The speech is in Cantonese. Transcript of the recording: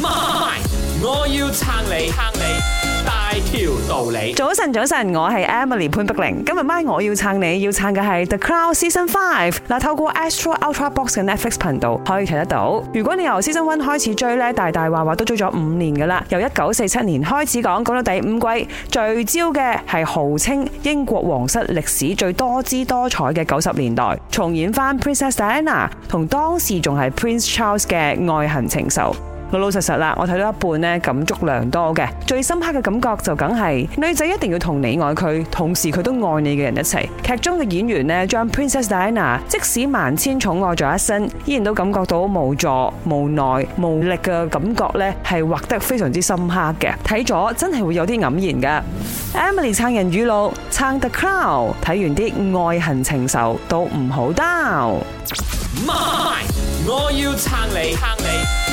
Mind，我要撐你，撐你大條道理。早晨，早晨，我係 Emily 潘碧玲。今日咪我要撐你，要撐嘅係 The Crown Season Five。嗱，透過 Astro Ultra Box 嘅 Netflix 頻道可以睇得到。如果你由 Season One 開始追呢，大大話話都追咗五年噶啦。由一九四七年開始講，講到第五季，聚焦嘅係號稱英國皇室歷史最多姿多彩嘅九十年代，重演翻 Princess Diana 同當時仲係 Prince Charles 嘅愛恨情仇。老老實實啦，我睇到一半呢，感觸良多嘅。最深刻嘅感覺就梗係女仔一定要同你愛佢，同時佢都愛你嘅人一齊。劇中嘅演員呢，將 Princess Diana 即使萬千寵愛在一身，依然都感覺到無助、無奈、無力嘅感覺呢係畫得非常之深刻嘅。睇咗真係會有啲黯然嘅。Emily 撐人語錄，撐 The Crown，睇完啲愛恨情仇都唔好 down。My，我要撐你。撐你